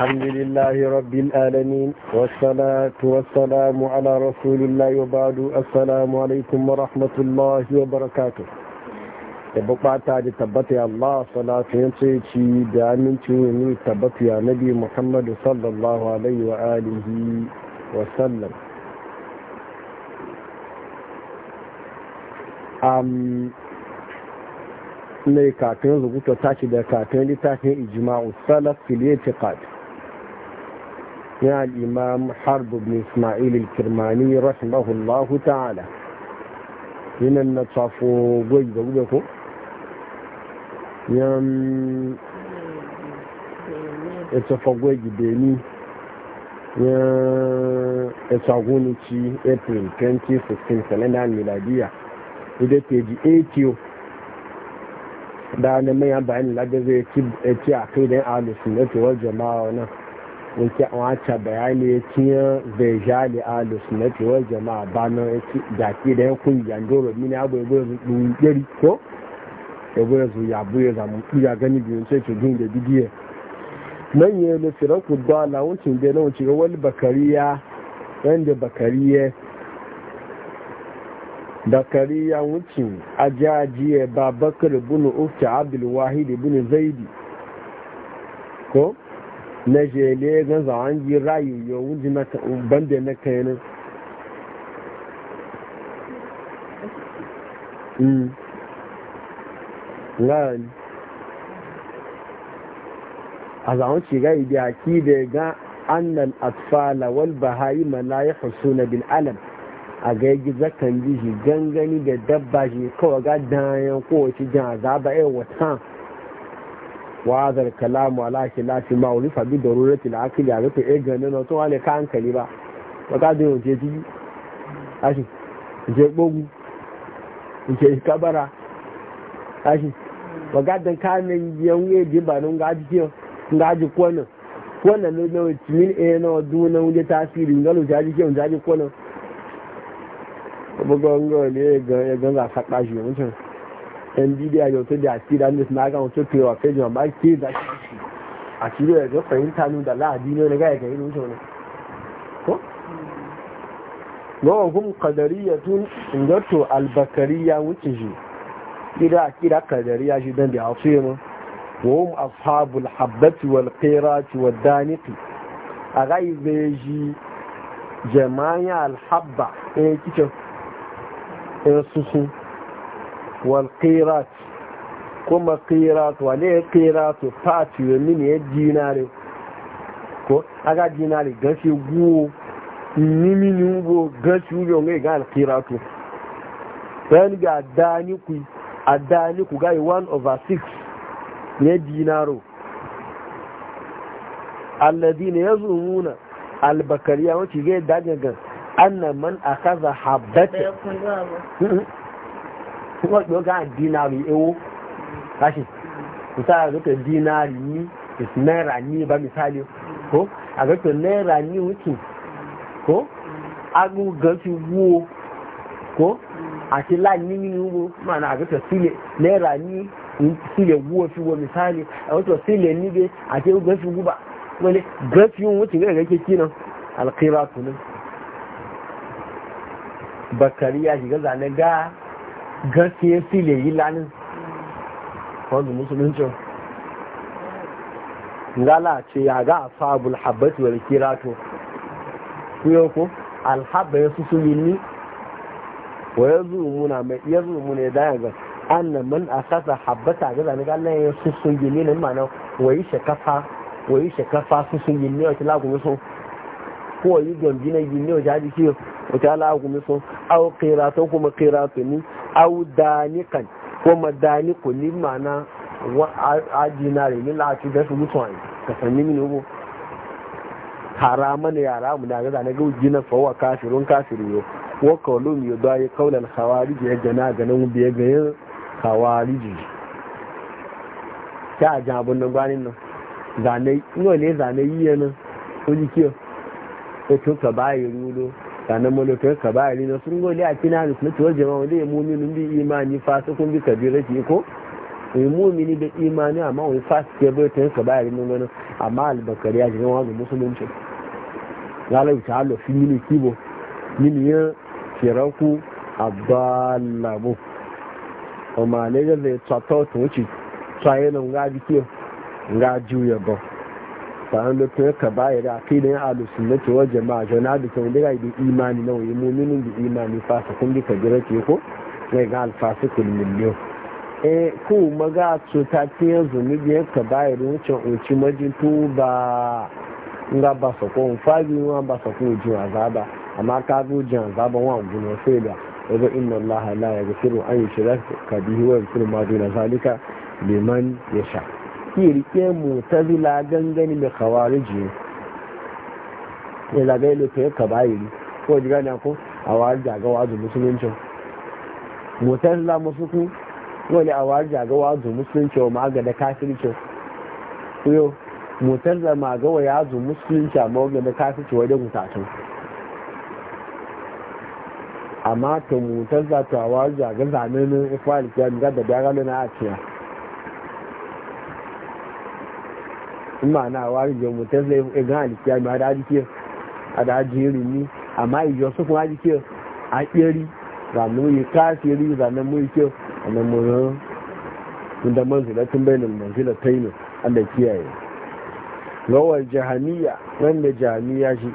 الحمد لله رب العالمين والصلاة والسلام على رسول الله وبعد السلام عليكم ورحمة الله وبركاته tabbata da tabbata ya Allah salatu ya da aminci wani tabbata ya nabi sallallahu alaihi wa wa sallam kafin rubuta tashi da kakin littafin ijma'u salaf fil i'tiqad يا الإمام حرب بن إسماعيل الكرماني رحمه الله تعالى هنا نتصف قيد قبكو يم يتصف قيد بيني يتصعوني تي أبريل 2016 سنة الميلادية إذا تجي 80 دعنا ما mai bayanin lagos ya ci a kai da ya alusun a wata bayani ya ciye vejali a lusunati jama'a ba na da ya da yankun yandoro mini abu ya gura zuɗin yari ko ya gura zu ya bu ya zamu ya gani biyun sai ce da bidiyar nan ya yi firar ku dala wuncin da na wuce ga wani bakariya wanda bakariya wucin ajajiye ba bakar bunu ufta abdul bunu zaidi ko na jele gan zawon yi rayu yawon ji na banda na kayanin mm. ngani a zawon ce ga ibi aki da ga annan atfala wal bahayi malayi na bin alam a ga yi zakan ji shi gangani da dabba shi kawai ga dayan kowace jan azaba yawon eh, watan وهذا الكلام على خلاف ما عرف بضرورة na يعرف a جنن وتو على كان كلمة وقاعد يجي أشي je ɓogu nke kabara ashi wagadan kanin yawon yi di ba nun gaji kiyo gaji kwanan kwanan na yau cimin ɗaya eh na wadu na wunde tasiri galo jaji kiyo jaji kwanan abubuwan gawa ne yan bidiya yau ta da asira ne suna kan wato kewa kai jima ba ke za shi a cire da ga fahimta da la'adi ne gaya ga ne ko ingato albakariya wuce shi kira kira shi da asira mu ashabul habbati wal qirati wad daniqi a jama'a alhabba eh, kicin eh, susun والقيرات كما قيرات وليه قيرات فاتي من يجيناري ko aga jinari gashi guwo nimi ni ugbo gashi uyo nga iga alkiratu bayan ga adani ku adani ku gai 1 over 6 ne dinaro alladina yazumuna albakariya wace ga dagagan annan man akaza habbata wọ́n pè ó ká dínárì ewó láṣì ìsára àgbẹ̀tọ̀ dínárì ní náírà ni ba misali kó àgbẹ̀tọ̀ náírà ní wùtù kó agúgan ti wú o kó àti láì ní nínú wo máa àgbẹ̀tọ̀ sílẹ̀ náírà ní ni wú o su wọ misali àgbẹ̀tọ̀ sílẹ̀ níbi àti ogun fi wú bá wọlé gan fi wọ́n ti rẹ̀ rẹ̀ kékeré náà alkira tunan bakari ya shiga zane ga gaskiya sile yi lalin wanda musuluncin gala ce ya ga asabul habbatu wal kirato kuyo ko alhabba ya sulini wa muna mai yazumuna ya daya ga anna man asasa habbata ga zan ga Allah sulini susulini nan ma'ana wayi shakafa wayi shakafa susulini wa tilagu so? ko yi gombi na yi ne wa jaji kiyo wata ala'agumi sun au kiratan kuma kiratuni au danikan kuma daniku ni mana ajinare ni lati da su mutu an ka sanni mini harama haraman yara mu na ga na ga jina fa wa kafirun kafiru yo wa qawlum yudai qawlan khawarij ya jana ga nan biye ga yin khawarij ta ja bun nan gwanin nan zane ne zane yi nan ko jikiyo ko to ka baya bayi rudo kanan malofin kabari na sun gole a kina da sunatu wajen jama'a wanda ya muminin bi imani fasikun bi kabira ki ko yi ni da imani amma wani fasik ya bai ta yin kabari na wani amma albakari ya shiga wazin musulunci lalai ta halo fi mini kibo mini ya firaku abalabu o ma ne ga zai tsatsa ta wuce tsaye na nga jike nga juya ba sa'an da ka a kai da yin alu sunnati wa jama'a jana da kan dira da imani na waye muminin da imani fasa kun bi ka jira ke ko mai ga alfasikul miliyon eh, maga ta yin zunubi ya ka bayar wucin uci majin nga ba sa ko fagi wa ba sa ko ji azaba amma ka zo wa sai da inna allaha la yaghfiru an yushraka bihi wa yaghfiru ma duna zalika liman ta zila gangani mai kawariji ya zagaye lokacin ka ne ko jiga na ko a wari jagawa ta zila musu ku wani a wari jagawa azu wa ma ga da mu ta zila ma ga wa ya azu musuluncin ma ga da kafircin wajen mutatun amma ta mutazila ta wari jaga zamanin ifaliki ya ga da biya galo na a ciyar in ma na wa rijo mutum zai gan alikiya ma da ajiye a da ajiye rumi amma ijo su kuma ajiye a keri mu yi kafiri zanen mu yi kyau a nan murin tunda manzila tun bai nan manzila ta yi Allah kiyaye rawar jahaniya da jahaniya shi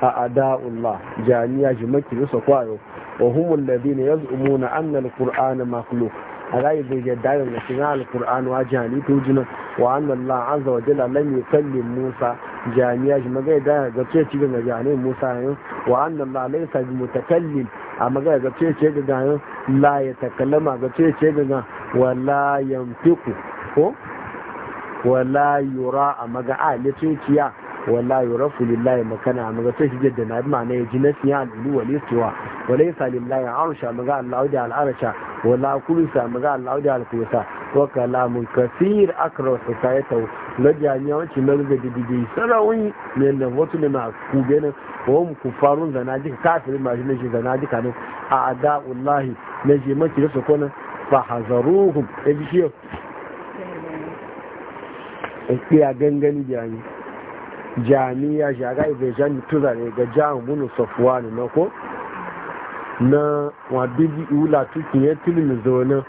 a ada'ullah jahaniya shi makirisa kwayo wa humul ladina yaz'umuna anna al-qur'ana makhluq rayu da yadda da cikin alkur'an wa jihani to jina wa annan Allah azza wa jalla lam yukalli Musa jami'a shi magana da ga ce ci ga jani Musa yin wa annan Allah laysa bi mutakallim a magana ga ce ce ga yin la ya takallama ga ce ce ga wala yamtiku ko wala yura a maga a litinciya wala yurafu lillahi makana maga sai shi jidda na ma'ana ya jinas ya alulu wa listuwa wa laysa lillahi arsha maga allahu da al'arsha wala kulsa maga allahu da alkulsa wa kalamu kaseer akra sosayata na jami'a wacce na ruga dididi sarawi ne na wato ne na ku ne ko mu kufarun da naji masu na shi naji kanu a ada'ullahi na je maki da sokon fa hazaruhum ya e bishiyar. Ƙiya e gangani da yanyi. jami'a shaga ibejan tura ne ga jihar bunu safuwa ne na ko na wabiji iwula tuki ya tilmi zonin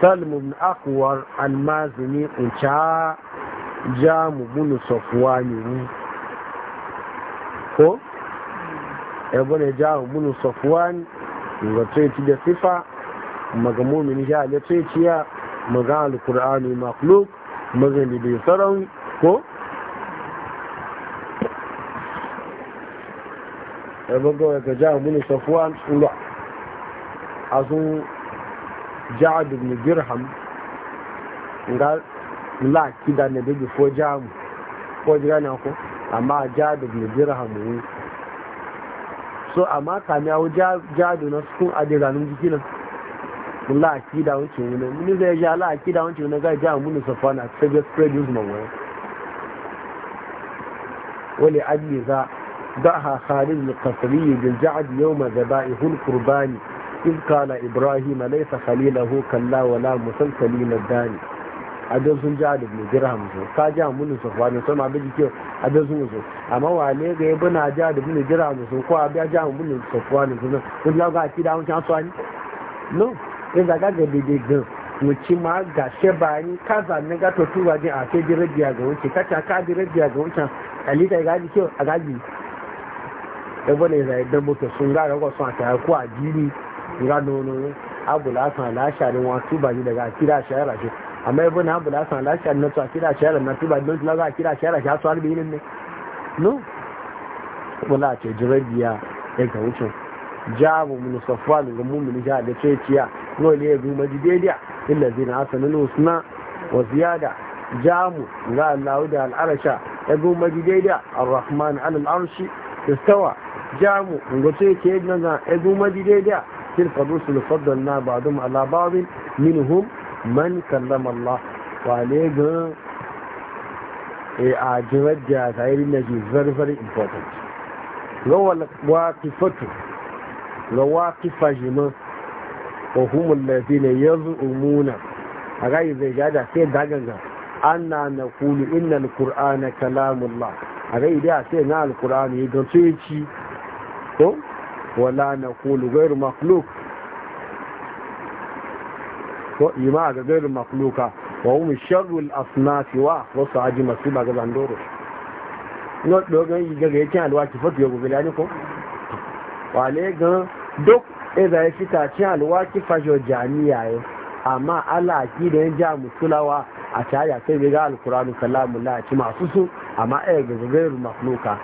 salmun akwar almazini unca jamu bunu safuwa ne ni ko ebe ne jihar bunu safuwa ne ga tsoci da sifa maga momini sha da tsociya maga alkur'ani makhluk maga libe saron ko يبقى جاء بن صفوان لا أظن جعد بن درهم قال لا كده النبي فوق جام فوق جاني أكو أما جعد بن درهم so na sukun ade ganin jiki nan la akida spread news دعها خالد القصري بالجعد يوم ذبائه القرباني إذ قال إبراهيم ليس خليله كلا ولا مسلسلين الداني adan sun ji alif ne dirham so ka ji amunin so wani sun da jike adan sun so amma wale ga ya bana ji alif ne dirham so ko abin ji amunin so wani sun ko ya ga ki da hun kan so ni no in da ga gabe de gan ma ga she ba ka ne ga to tuwa a ga wuce ka ga wuce ebe ne zai dan mutu sun ga rago sun ta ku a jini ga nono abula san lasha ne wa su ba ni daga kira shayara ce amma ebe na abula san lasha ne to kira shayara na tuba don laga kira shayara ya su albi ne no wala ce jirabiya ya ga wucin jabu min safwan ga mu'min ja da ce ciya no ne gu majideliya illa zina hasanul husna wa ziyada jamu ga Allah da al'arsha ya gu majideliya ar-rahman al-arshi istawa jamu ngoto ke yadda na edu madidaiya tilka rusul na ba'dum ala ba'din minhum man kallama Allah ne ga a jirar da zahiri na ji very very important ga wakifatu ga wakifa jima wa humul lazina yaz'umuna a rayu zai gada sai daganga anna na kulu inna alkur'ana kalamullah a rai dai a sai na alkur'ani ya gamsu ya ci ko wala na kulu gairu makhluk ko ima ga gairu makhluka wa hum sharrul asnafi wa wasu aji masu ba ga bandoro no dogon yi gaga yake alwa ki fatu ya gobe lani ko wale ga duk ɗaya ya fita cin alwa ki fajo jami'a yau amma Allah ki da ya ja musulawa a caya sai bai ga alkuranu kalamun la ci masu su amma ai ga zagayar makhluka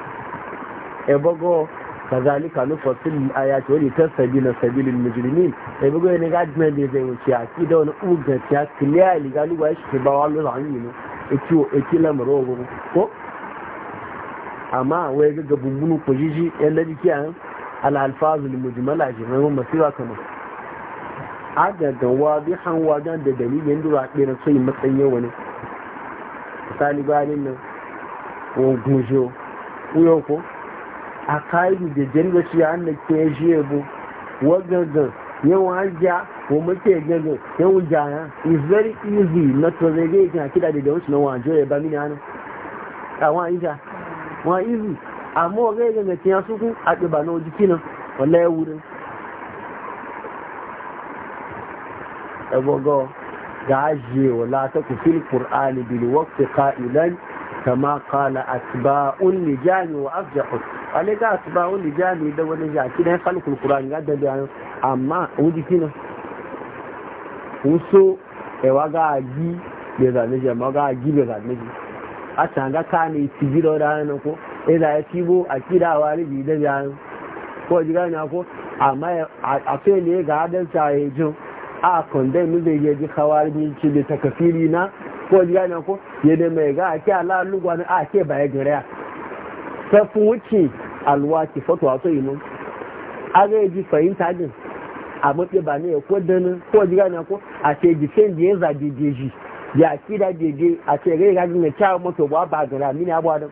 ya e bago kazalika nufasil ayati wani sabi na sabilin mujrimin ya e bago ne ga jima bai zai wuce a ki da wani uga ta clearly ga lugwa shi ba lura da hanyi ne e ciwo e ki lamaro ko amma wai ga ko jiji yan da ala an al alfazul masu jima'a masiwa kamar agaga wadihan wajen da dalilin dura ɗirin sai matsayin yau ne misali bayanin nan ko gujo kuyo ko a kayi da jirga shi an da ke shi yabo wagagan yau hajja ko mace gaga yau jaya is very easy na to zai ga yake kida da wasu na wajo ya ba mini hannu a wa ija wa izi amma wa ga yake ga tiya su a ɗiba na wajikinan wallahi wurin ebogo gaje wala ta ku fil qur'ani bil waqti qailan kama qala asba'un lijani wa afjahu alega asba'un lijani da wani jaki dan khalqul qur'an ga da bayan amma wuji kina wuso e waga gi be da ne jama ga gi be da ne a ga ka ne tijiro da nan ko e da ya tibo akida wali bi da bayan ko jiga na ko amma a fe ne ga adan sa e jin a dai, mu zai yaji khawarji ki da takafiri na ko ya na ko ya da mai ga ake ala lugwa na a ke baya gariya safin wuce alwaki fato wato mun a ga yaji fahimta din a matse ba ne ko dana ko ji gane ko a ce gifen da ya zabe jeji ya kida jeje a ce ga yaji ne kyawu mato ba ba gara mini abuwa din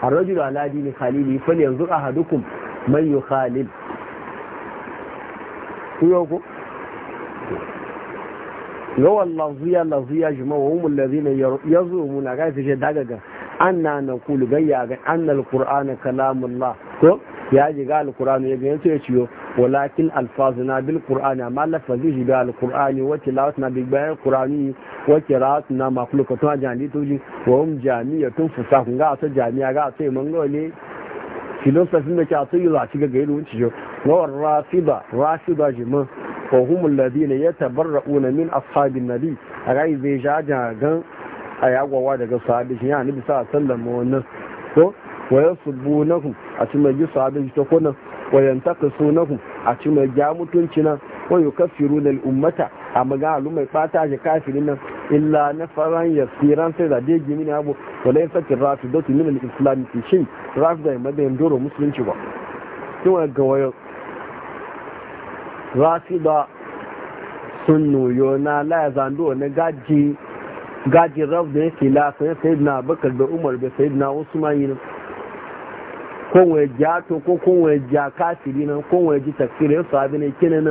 الرجل على دين خليله فلينظر أحدكم من يخالب kuyoko ga wallaziya laziya jima wa humul ladina yazumu na ga fice daga ga anna na kulu gayya ga anna alqur'ana kalamullah ko ya ji ga alqur'anu ya gani yace ya ciyo walakin alfazuna bil qur'ani amma lafazi ji al alqur'ani wa tilawatuna bil bayan qur'ani wa qira'atuna makhluqatun ajali tuji wa hum jami'atun fusahun ga ta jami'a ga sai mun ga ne filosofin da ke a za a ci ga gairu wuce shi wawar rafida rafida jimin wahum ya tabarra unamin ashabin nabi a rai zai ja gan a yagwawa daga sahabi shi ya bisa sa sallan wannan ko wa yasubunahum a ci mai shi ta kunan wa yantaqisunahu a ci mai ja mutunci nan wa yukaffiruna da a maga mai fata shi kafirin nan illa nafaran yasiran sai da dai gimi ne abu wala yasa rafi datu min al-islam fi shay rafi da da madan doro musulunci ba kin wa ga wayo rafi da sunnu yona la zando ne gaji gaji rab da yake la sai sayyidina bakar da umar da sayyidina usman yin ko wa jato ko ko wa jakafiri nan ko wa ji tafsirin sahabi ne kinan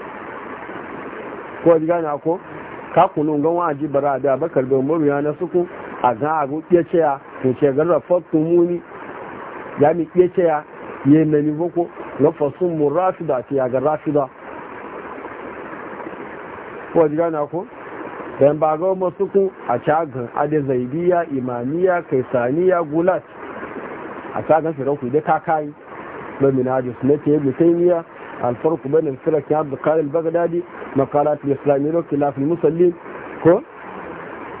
ko ji gane ko ka kunu wa ji bara da bakar da mu ya na suku a ga a go ce ya ko ce garra fatu muni ya mi ce ya ye na ni boko na fasun murafida ti ya ga rafida ko ji gane ko dan ba ga suku a ga ade zaidiya imaniya kaisaniya gulat a cagan firauku da kakai ba minajus na ke ibn miya. الفرق بين الفرق عبد القادر البغدادي مقالات الإسلامية وخلاف المسلمين ko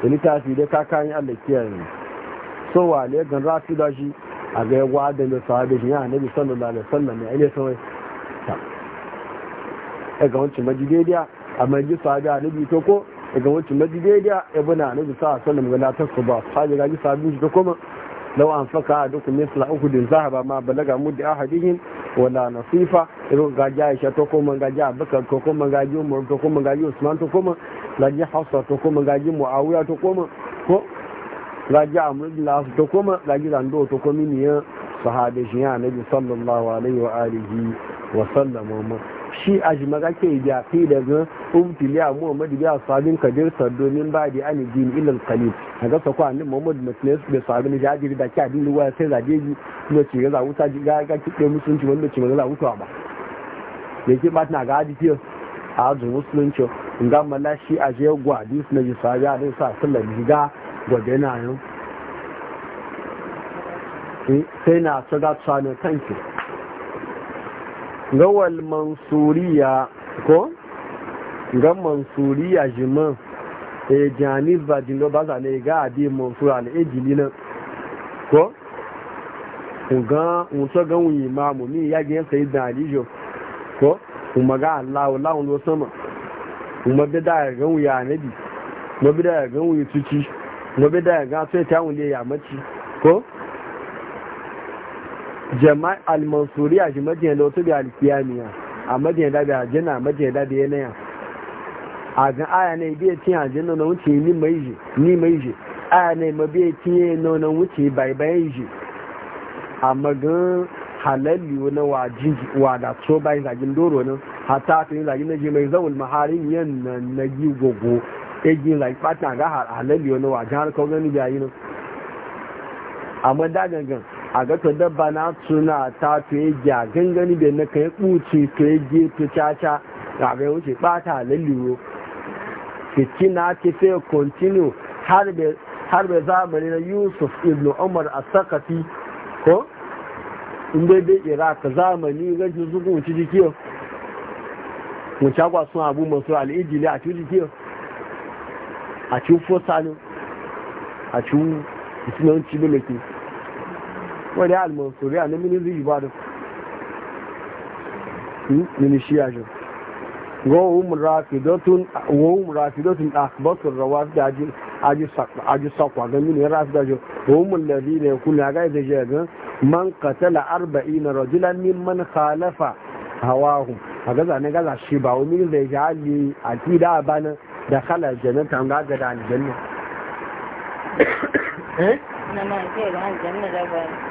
ini ta fi da kakayin Allah kiyaye so wa ne gan rafi da shi a ga yawa da ne sahabe shi ya nabi sallallahu alaihi wasallam ne ne sai ta e ga wancin majidediya amma ji sahabe a nabi to ko e ga wancin majidediya e bana nabi sallallahu alaihi wasallam ga latar su ba sahabe ga ji sahabe shi to kuma law an faka adukum misla uhudin zahaba ma balaga muddi ahadihim wala nasifa irin gaji aisha to kuma gaji abubakar to kuma gaji umar to kuma gaji usman to kuma gaji hafsa to kuma gaji muawiya to kuma ko gaji amr bin las to kuma gaji zando to kuma ni sahabe shi ya nabi sallallahu alaihi wa alihi wa sallam shi a shi ke jafi daga a muhammadu biya sabin kadir sardo min ba da ani din ilal kalil a ga sako annin muhammadu musulmi su bai sabin da jiri da kya din ruwa sai zaje ji kuma ce za wuta ji ga ga kiɗe musulunci wanda ce maza wuta ba da ke ba na ga fiye a ajin musulunci ga mala shi a je gwadi su na ji sabi a dai sa sallar jiga gwade na yau eh, sai na kanki gawal mansuriya ko ga mansuriya jiman e janis ba jino ba za ga abi mansura al'ejili e nan ko ga mutu ga wunyi ni ya ga yansa da alijo ko kuma ga allahu lahun lo sama kuma bi da ga wuya anabi kuma bi da ga wuyi tuci kuma bi da ga sai ta ya maci ko jama'a al-mansuri a shi majiyar da wato bi al-kiyamiya a majiyar da a jina majiyar da bi naya a ga aya ne biya cin jina na wuce ni mai ji ni mai ji aya ne ma biya cin na na wuce bai bai ji amma magan halalli wani waji wa da so bai zagin doro nan hata ta yi zagin na ji mai zaun maharin yan na gi gogo egin gi zagin fata ga halalli wani wajen har kawai gani biya yi nan amma da a ga to dabba na suna ta to ya gya gangani da na kai kuce to ya je to caca ga bai wuce bata lalliyo na ta sai continue har bai har zamani na Yusuf ibn Umar a sakafi ko in dai dai Iraq zamani ga zuku wuce jikiyo wuce chagwa sun abu masu al'ijili a cikin jikiyo a cikin fosalo a ci ismanci bilaki wani almansuri a nan mini zai ba da mini shiya shi wawon rafidotun asibatun rawa da aji sakwa ga mini rafida shi wawon lari ne kuna ga zai shi ga man katala arba'i na rajulan min man khalafa hawahu a gaza ne gaza shi ba wani zai shi hali a ti da bana da khalar ta, ga gada aljanna eh? na na ce ga aljanna da bana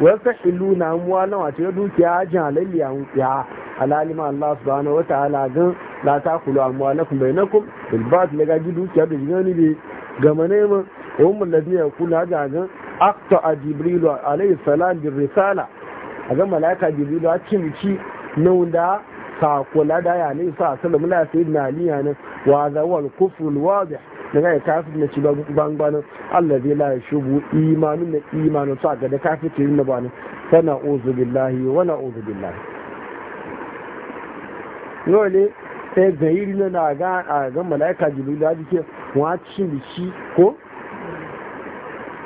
wata ilu na muwa na wato ya dukiya ajin halalli ya mutiya alalima Allah subhanahu wa ta'ala gan la ta kulu amuwa na kuma bai na kum bilbat na gaji dukiya da jiga ni bai gama neman wani da biya kula da gan akta a jibrilu alayhi salam bin risala a ga malaka jibrilu a ci na wanda sakula da ya ne sa salamu la sayyidina aliya wa zawal kufrul wadih ga yi kafin na ci bangbani allah zai la shubu imanin da imanin sa ga da kafin ce yin da bani sana uzu billahi wa na uzu billahi yole sai gairi na na ga a ga malaika jibril da ke wacin shi ko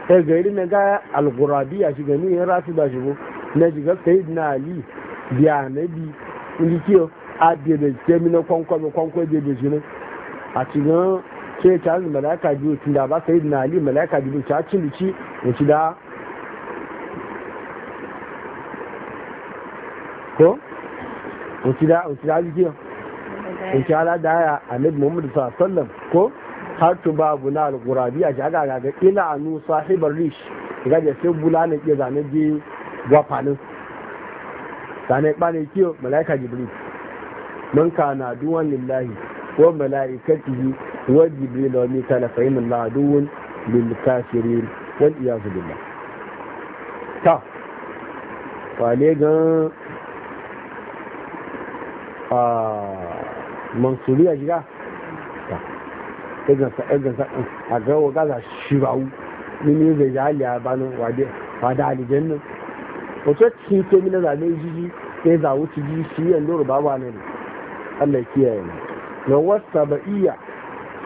sai gairi na ga algurabiya shi gani ya rasu da shigo na shiga sayyidina ali biya nabi indikiyo a na Kwankwa kwankwabe kwankwabe bebe jini a cikin sai ta hannun malaka biyu tun da ba sai na ali malaka biyu ta cin da ci da ko? wuci da wuci da jikin wuci ala da ya annabi muhammadu sallam ko har tu abu na alqurabi a jaga ga ila anu sahibar rish ga da sai bula na ke zane je wafanin zane bane kiyo malaka jibril mun ka na duwan lillahi wa mala'ikatihi wa jibril wa mikala fa inna allaha aduwwun lil kafirin wal iyaz billah ta wale gan a mansuriya jiga ta egan sa egan sa a ga wa gaza shirawu ni ne zai ji aliya banin wade wada alijannin wato ci to zabe jiji sai zawo ci ji shi yan doro babu ne Allah kiyaye mu na wasu saba'iyya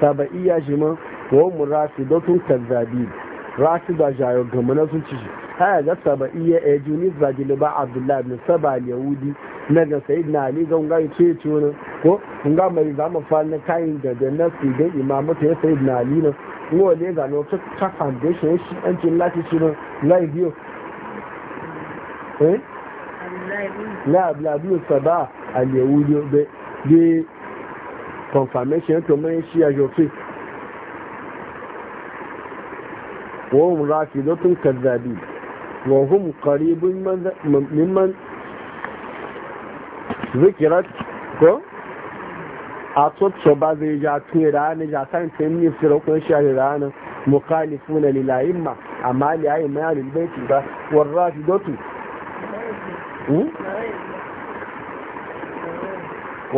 saba'iyya shi ma wa mu rasu dotun kazzabi rasu da jayo gama na sun ci haya ga saba'iyya a eh, juni zagili ba abdullahi bin saba yahudi na ga sayid na ali ga unga ce ce wani ko unga mai zama fa na kayan da na su ga imamu ta sayid na ali na ga shi an ce lati na confirmation to mai shi a jofi wahum rafidatun ba zai ya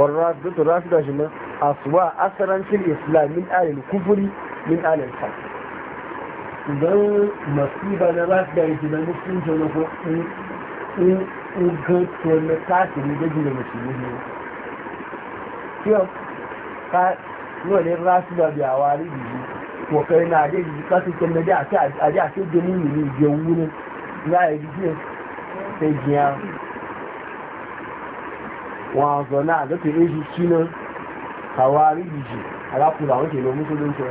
lulbaiti asuwa asarancin islam min alil kufuri min alil fat idan masiba na za su gari na musulunci na ko in gato na kafiri da gina musulunci ne kiyon ka nolin rasu da biyawa ribi ko kai na da yi kasu kan da da a ji a ce gani ne ne biyan wurin na yi biyan sai biya wa zana a gato yin shi shi nan kàwárí ìjì alákùnrin àwọn ìṣèlú mùsùlùmí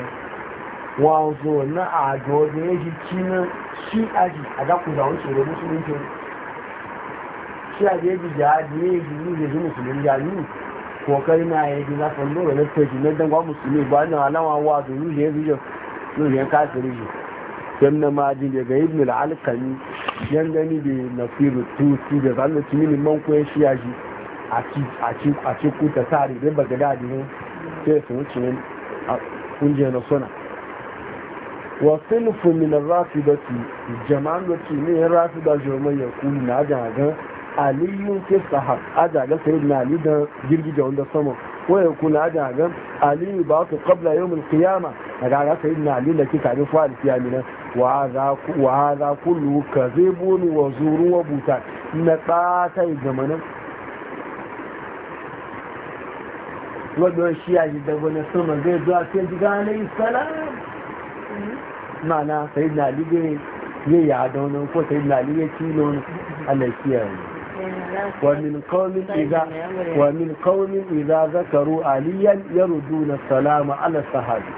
wọn zò ní àjọ ọdún méjì kí ní Shi àjì alákùnrin àwọn ìṣèlú mùsùlùmí sí ya ji jà àjì ní èjì na ìrèjì mùsùlùmí yà ní kọ̀ọ̀kẹ́rì náà èjì lásán lóòrè ní ba na alama wa zo aláwọn awọ ji ní ìrèjì yọ ní ìrèjì káàkiri na ma ji daga ibn al-alkami yan gani da nasiru tusi da zalunci mini man koyan shi yaji a cikin kuta tare dai ba gada ne sai su wuce ne a kunje na suna wasu nufin min rafi da su jama'an da su ne rafi da jirman ya kuli na jaga aliyun ke sahab a jaga sai na ali da girgija wanda sama ya kuli a jaga aliyu ba su kabla yau mil kiyama a gaga sai na ali da ke kafin fa'al kiyamina wa za kullu ka zai boni wa zuru wa buta na tsata zamanin wadda shi ya ji da wani sama zai zuwa sai ji gane isala mana sai na lige ya yi adon ko sai na lige cilon alaikiyar ومن قوم إذا ومن zakaru, إذا ya عليا يردون السلام على الصحابة.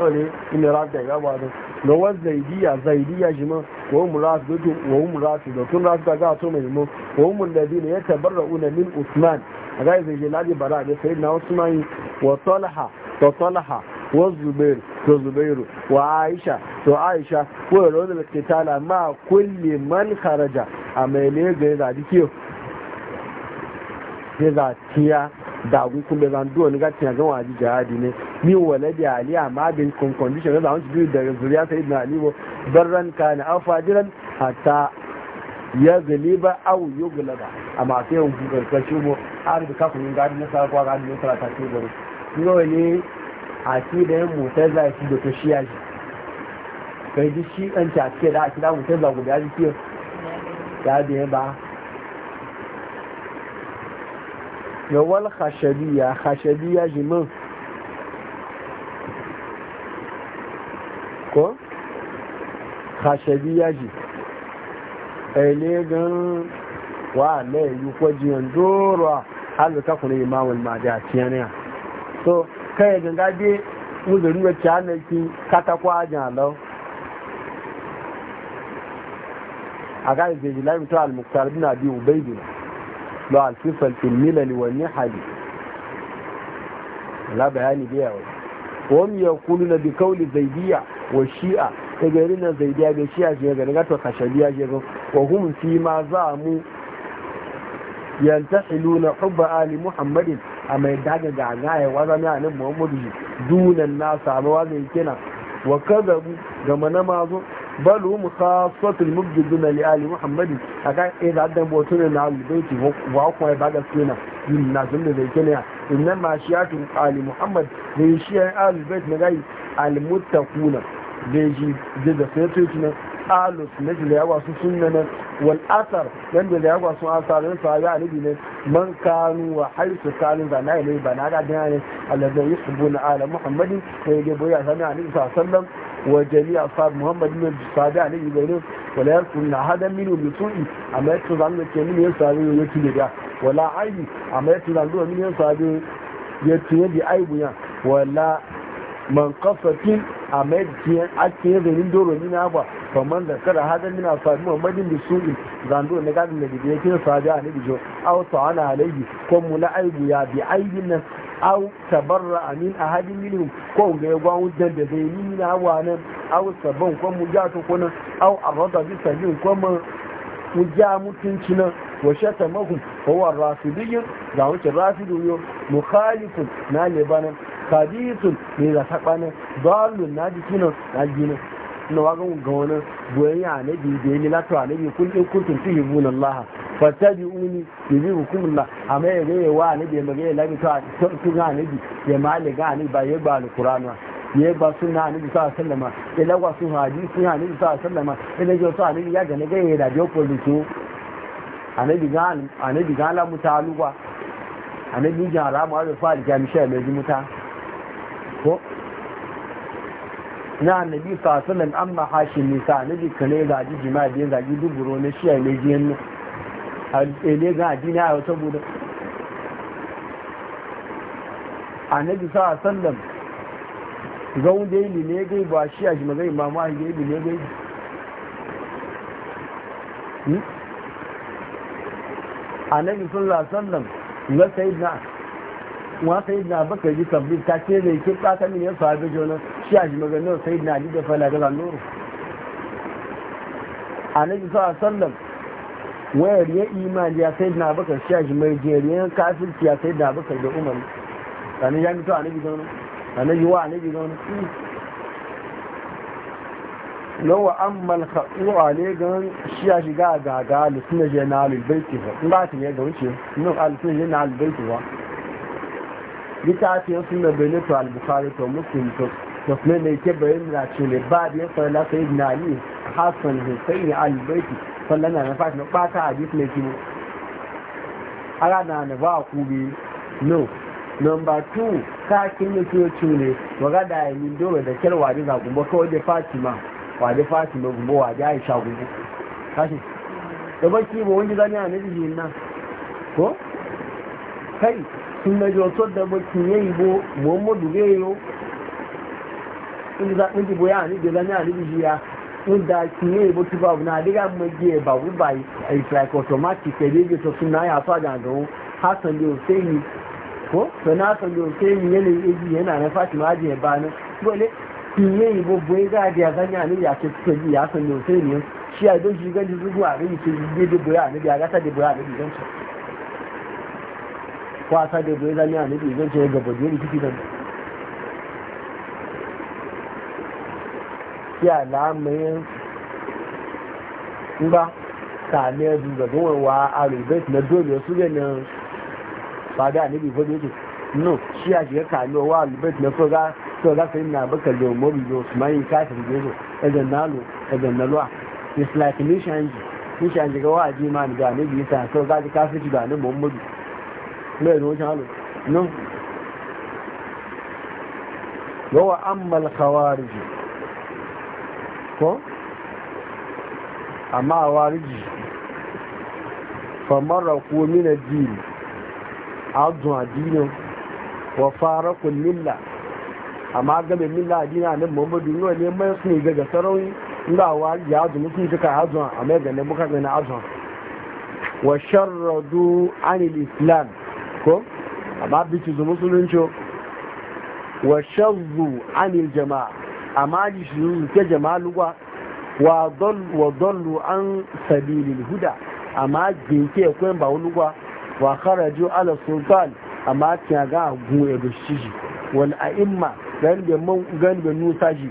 قولي إن رد يا بعض da wani zaidiya zaidiya shi ma wa mu rasu da tun wa rasu da tun rasu gato mai mu wa mu da ya tabarra min usman ga zai je laji bara da sai na usman wa talha to talha wa zubair to wa aisha to aisha ko da da kitala ma kulli man kharaja amele ga da dike ke za tiya da gu kun da zan duwa ni ga tiya ga waji jihadi ne mi wala da Aliya amma bin kun condition da zan ji da zuriya sayyidina ali bo barran na afajiran hatta ya ba galiba gula ba a amma sai un garkashi mu har da kafin gadi na sarkwa gadi na sarkwa ce gari yau ne a ce da yin motar za a shi da toshiya shi kai ji shi an ta ce da a kira motar za a guda ji fiye ya da ya ba yawal khashabiya khashabiya jimin ko khashabiya jimin ele gan wa le yu ko jiyan doro halu ka kuna imamul maja tiyaniya so kai ga gabe mu da ruwa kiyana ki kata kwa jan law aga da jilai mutu al muktar bin abi ubaydi lo al fisal fil milal wal nihali la bayani biya wa hum yaquluna bi qawli zaydiyya wa shi'a ta gari na zai biya bai ciya shi gani gato kashe biya shi gan wa hum fi ma za mu yanta ilu na hubba ali muhammadin a mai daga ga gaya wa zama ya nan muhammadu shi dunan na samu wa zai kina wa kaza ga mana balu mu ka hum khassatul mubjiduna li ali muhammadin a kan aka idan e dan botun na albayti wa kuma ya ga kina din na zun da zai kina inna ma shiyatu ali muhammad zai shi ali bait na gai al muttaquna beji da fetus na alus na da yawa su sunna nan wal asar nan da yawa sun asarin sa ya alibi ne man kanu wa haisu kanu da nayi ne ba na ga dan ne alladhi yuhibbuna ala muhammadin sai ga boya sami ali sallam wa jami'a sahab muhammadin bin sadi ali gairin wala yarkunna hada minu bi su'i amma yato zan ke min ya sabi ya tile da wala ayi amma yato zan do min ya sabi ya tile bi aibu buya wala man kafatin a majiyan ake yin zanin doro nina ba kamar da kada hada nina sabi muhammadin da su'i zando na gadin da gidan kin sabi a nabi jo aw ta'ana alayhi ko mula aibu ya bi aibin nan aw tabarra amin ahadin minhum ko ga ya gwawu wujan da zai ni nina wa nan aw sabon ko mu ja to ko nan aw arada bi sajin ko mu mu ja mutunci nan wa shatamakum huwa rafidiyun ga wuce rafidu yo mukhalifun na libanan kadisun ne da saɓanin dalun na jiki nan na jini na wagon ga wani goyayya na biyu da ya ni latuwa na biyu kun ɗin kuntun fi yibu na laha fata bi uni bi bi hukumun la amma ya yi wa na biyu magana ya labi ta tun ga na biyu ya mali ga na ba ya ba alkuranu ya ba suna na biyu sa sallama ya lagwa sun hadi suna na biyu sa sallama ya lagwa ne hadi ya ga na gaya ya da biyu kwallo anabi ga ala muta aluwa anabi jin alamu a da jami'ai mai ji muta ko na annabi sasalan amma sa nisa na ne ga ji jima'a biyan ga ji duburo na shi ne jiyan nan a eh, ne ga ji na yau saboda annabi sasalan ga wanda yi ne gai ba a shi magai mamu a yi ne gai hmm? annabi sallallahu alaihi wasallam ga sayyidina wa sai da baka ji kabir ta ce zai kin tsaka min ya sahabi jona shi a ji maganar sai na ji da fala ga zanuru annabi sallallahu alaihi wasallam wayar ya imani ya sai da baka shi a ji mai jeriyan kafirci ya sai da baka da umar sanin ya mito annabi zauna annabi wa annabi zauna lawa an malkatsuwa ne gan shi ya shiga gaga alisunan jenalul baiti ba in ba ta ne ga wuce nun alisunan jenalul baiti ba littafin suna bane to al-bukhari to muslim to da kuma mai da bayan na ce ne ba da ya fara sai na ni hasan hussein al-baiti sannan na na fashi na bata hadis ne kimo ala na na ba ku bi no number 2 ka kin ne ke ce ne waga da yi dole da kirwa waje za gumbo kawai da fatima wa da fatima gumbo wa da aisha gumbo kashi da baki ba wani zani a nan ko kai ìmẹjọ tó dẹ̀bọ̀ kì í yẹ ìbò mọ́mọ́dù léyò nígbà níbi bóyá àníjọba ní àníjì ya ń da kì í yẹ ìbò tó bá wọn àdéhà mọ́jì ẹ̀ bàbú báyìí ìfìlàkì ọ̀tọ̀mátìkì ẹ̀dẹ́ ìgbé tuntun na yà fàdà gan hasan lè òfé yìí kó sọ̀nà hasan lè òfé yìí yẹn lè yéjì yẹn nàá fàtì má jẹ bá ní wọlé kì í yẹ ìbò bóyá gáàdì àgbáyé àníjì àkẹ́kẹ́kẹ́ yìí hasan ta òfé yìí ṣí àdójì gẹ́gẹ́ ko a da ya zami a nufi zan ce ya gaba da rikici da ya lamayin ba same su ga gowarwa a rubet na dole su ba da nufi ko da no shi a shiga kano wa rubet na so ga so ga na baka su mai kafin gezo ejan nalo ejan nalwa is like nishanji nishanji ga wa ji ma ni ga nufi sa so ga ka kafin ji ga ni muhammadu lẹ́yìn oṣù hálò náà lọ́wọ́ ammal khawariji kọ́ àmà àwárìjì fàmọ́ra kú mina dìrì adùn àdínà wà fara kùn nílà àmà gẹ́gẹ́ nílà àdínà ní mọ́mọ́dù ní mẹ́sùn ìgẹ́gẹ́ sarauni inda àwárìjì adùn mú sí ká adùn àmẹ́gẹ́ ní mú ká gẹ́gẹ́ wa sharradu anil islam ko amma biki zu musulunci wa shazzu anil jama'a amma ji shi zu ke jama'a lugwa wa dallu an sabilil huda amma ginke kwen ba lugwa wa kharaju ala sultan amma kiya ga gun da shi wal a'imma dan da mun gan da nusa ji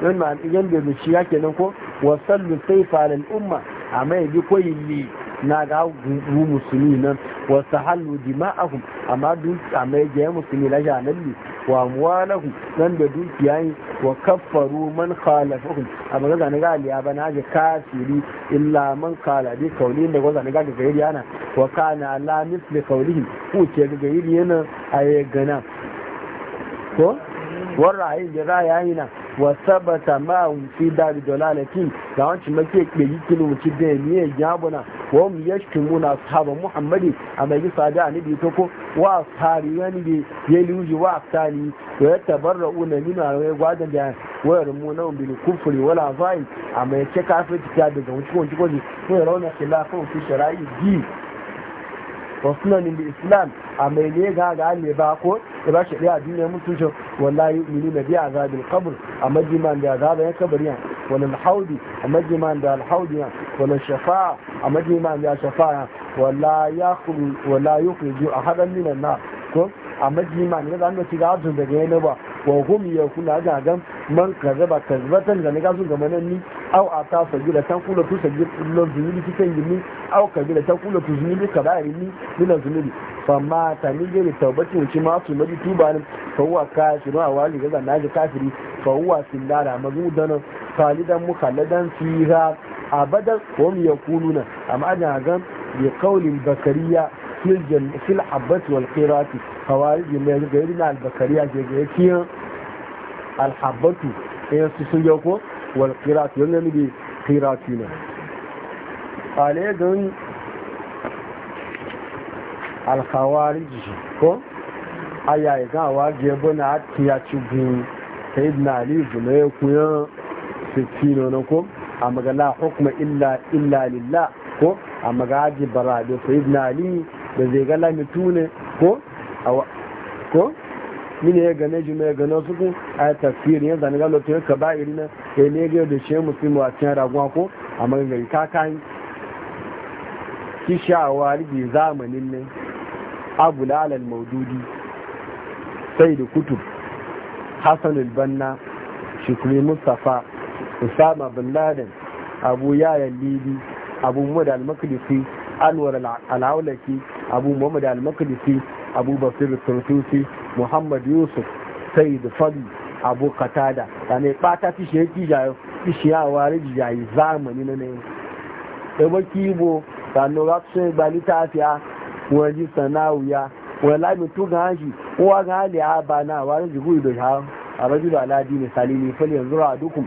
dan ma gan da shi yake nan ko wa sallu sayfa lil umma amma yaji koyi na ga gu musulmi nan wasu hallu dima'ahum amma dukiya mai gaya musulmi na janalli wa amwalahum nan da dukiya yi wa kaffaru man khalafahum amma ga zani ga liya bana ga kafiri illa man khala bi kauli da ga zani ga ga yiri yana wa kana la misli kaulihi ku ce ga yiri yana aye gana ko warra ayi da ra'ayi yana wa sabata ma'un fi dar dalalatin ga wancin make ke yi kilo ci da ne ya buna wa hum yashtumuna ashabu muhammadi amma yi sada ni bi toko wa ashabi yani bi yaluji wa asali wa yatabarrauna na wa gwadan da wa yarmuna bil kufri wala zain amma yake kafirci ta daga wuce wuce ko ne ko rauna khilafu fi shara'i di wasunanin bi islam a mai ne ga ga ne ba ko da ba shari'a duniyar mutunci wallahi yu'minu na biya azabil qabr amma jiman da azaba ya kabariya wani alhaudi a majiman da alhaudi wani shafa'a a majiman da shafa'a wala ya kurju a haɗar minan na ko a majiman da zan ci gajin daga yana ba wa hum ya kula gagan man kazaba kazbatan da ni gajin gama nan ni au a ta sajira tan kula tu sajira zunubi kitan gini au kabila tan kula tu zunubi kabari ni minan zunubi ma ta ni ba taubatin wuce ma su maji tuba ne fa huwa shi a wali gaza na ji kafiri fa huwa sindara mazudanan khalidan mukhalladan fiha abadan wa hum yaquluna amma ana gan bi qawlin bakariya fil jan fil abbas wal qirati khawarij mai gairina al bakariya ke ga kiyan al habatu sai eh, su sun yako wal qirati yana ne bi na ale gan al khawarij ko ayaye ga wa je bona tiya ci bu sayyidina ali zume kuyan fifino na ko a magala hukuma illa illa lillah ko a magaji bara da sayid na ali da zai ga lami tune ko ko mini ya gane jima ya gane su a ya tafiyar yanzu an galo to ka ka iri na ya ne ga da shi musulmi a cikin raguwa ko a magagari kakan kishawa rigi zamanin ne abu lalal maududi sai da kutub hassan banna shukri mustapha usama bin laden abu yayan libi abu muhammad al-makdisi anwar al-aulaki abu muhammad al-makdisi abu basir al-Tursusi, muhammad yusuf sayyid fadi abu katada Yani ne bata fi shi yake jayo fi shi ware jayi zamani na ne baki bo, da nora sun gbali tafiya wọ́n jí sanáwìyá wọ́n láìmì tó gan ṣì wọ́n wá gan lè àbá náà da ha, a ìdòṣà aladi aládìí nìsàlẹ̀ fali yanzu ra àdúkùn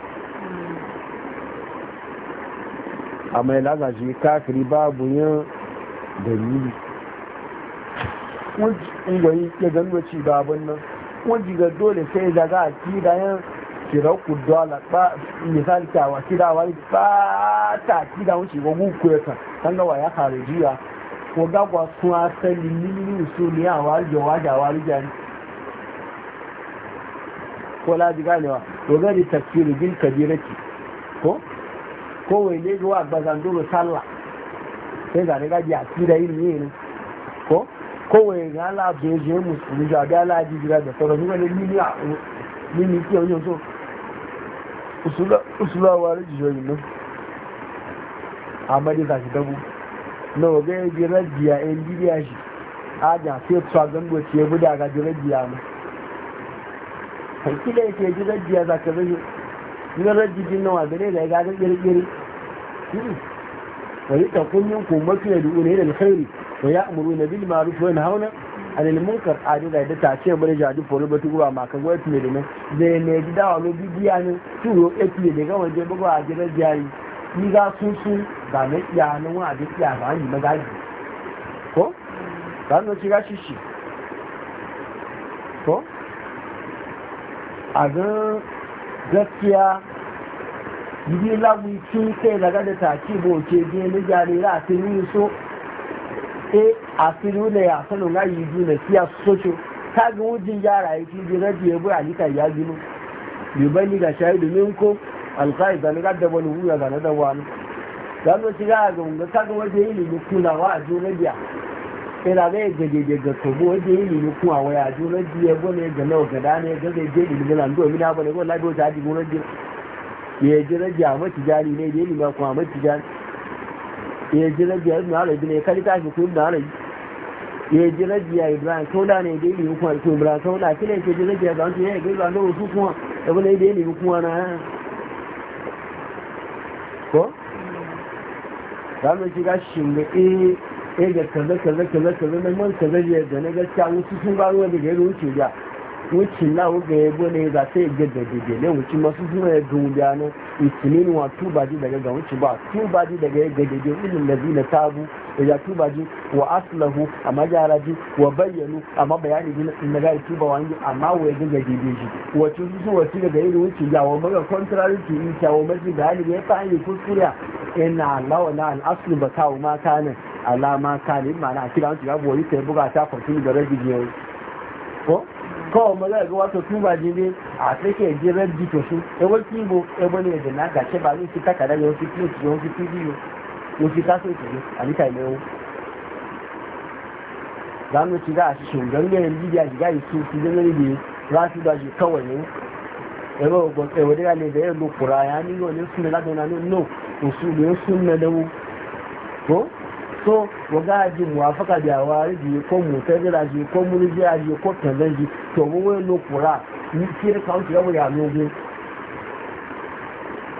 a mai lalace kafiri babu yin dalili ƙungiyoyi ya gano ci babin nan ƙungiga dole sai daga a kira yin kira ku dola ba misali kyawa kira wani ba ta kira wuce ga gugu ya kan gawa ya kare jiya ko gagwa sun asali lili su ne a warje wajen warje ne ko ladi ganewa to gari tafsiri bin kabiraki ko kowai ne zuwa bazanduru sallah sai zane gaji a tsira yin yi ne ko kowai ga ala abu ya je musulmi ga ga ala aji jira da sauran zuwa ne mini a mini ke wani so usulawa da jijoyin nan amma dai za shi dabu na waga ya ji rajiya yan bidiya shi aja sai tsuwa gango ce ya guda ga ji rajiya mu kai kila yake ke ji za ka zai zirar jijin nawa gare da ya gagar kirkiri wa yi takun yin kumatu ya du'u ne da alkhairi wa ya amuru na bil ma'ruf wa nahawna anil munkar adu da da tace bare jadi foro batu ba ma kan gwai tune da zai ne gida wa lo bibiya ne turo da ga waje bugu a gidan jari ni ga sun sun ga ne iya nan wa da ya ba ni magaji ko kan no shiga shi ko a ga gaskiya yi lagwi cin kai daga da taki boke biyu ni jari ra ti ni so e a filu da ya sanu na yi ju na siya socio ta ga wujin yara yi fi na biye bu alika ya gino bi bani ga shahidu min ko alkai da ga da wani wuya ga na da wani dan wata ga ga ga ta ga wajen ilimi kulawa a juna biya ila zai gajeje ga kabo wajen yi nnukwu kuma waya a junar jiya gwani ga nawa ga dane ga zai je na ndo mina bane gwani labi wata hajji gwani jiya ya ji na a mace jari ne da yi ma kuma mace jari ya ji rage a ibn arabi ne kari tashi ko ibn ya a ibrahim sauda ne da yi ne kuma ya ya ga kaza kaza kaza kaza na man kaza ya da na gaskiya wasu sun ba ruwa daga yadda wuce ga wuce na wuga ya ne za ta ga da dede ne wuce masu zuwa ya dubiya ne itinin wa tubaji daga ga wuce ba tubaji daga ya ga dede ilin da zai na tabu da ya tubaji wa aslahu a majaraji wa bayyanu amma bayani gina na ga tuba wani amma wa ya ga dede shi wace su su wace daga yadda wuce ga wa maga contrary to ita wa maji bayani ya fa yi kuskure ina lawa na al'aslu ba kawo mata nan alama kanin mana akira wani ya bori ta buga ta kwafi da rabi jiyoyi ko kawo maza ga wato tuba jini a tsake ji rabi to su ewa kibo ewa ne da na gace ba zai fita kada ne wasu kiyo kiyo wasu kiyo wasu fita so kiyo a nika ne yau za mu ci za a shi gangan yanzu biya shiga yi su su zama ne za su ba shi kawai ne ewa ogun ewa daga ne da yin lokura ya ni yau ne suna lati wani no usu da suna da mu ko so waga ji muwafaka da wari ji ko mutazila ji ko murjiya ji ko kazan ji to mu wai lokura ni kire ka wuce yau ya no logo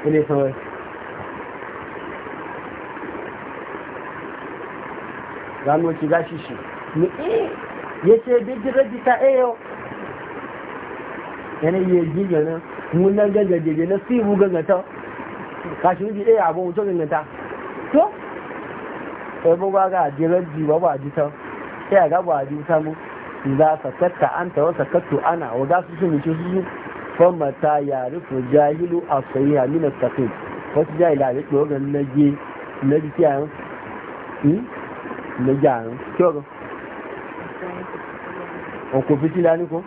ne sai gano ki ga shi shi ni eh yace bijira ji ta eyo eh, yana yi ji gana mun nan ganga jeje na sibu ganga ta kashi ji eh abun to ganga ta to sai mu ga ga jiran ji ba ba jitan sai ba jitan mu za sakatta an wa sakattu ana wa ga su sun su fa ya rufu jahilu asayya a nuna saqim wasu jahila da dogon naje naji tiyan na jaran kyogo on ko ko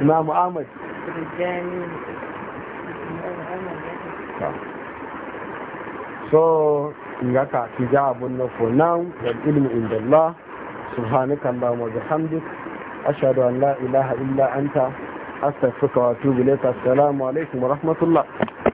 Imam so nga ka ti ja abun na for now wal ilmu inda Allah subhanaka Allahumma wa bihamdik ashhadu an la ilaha illa anta astaghfiruka wa atubu ilayk assalamu alaikum wa rahmatullah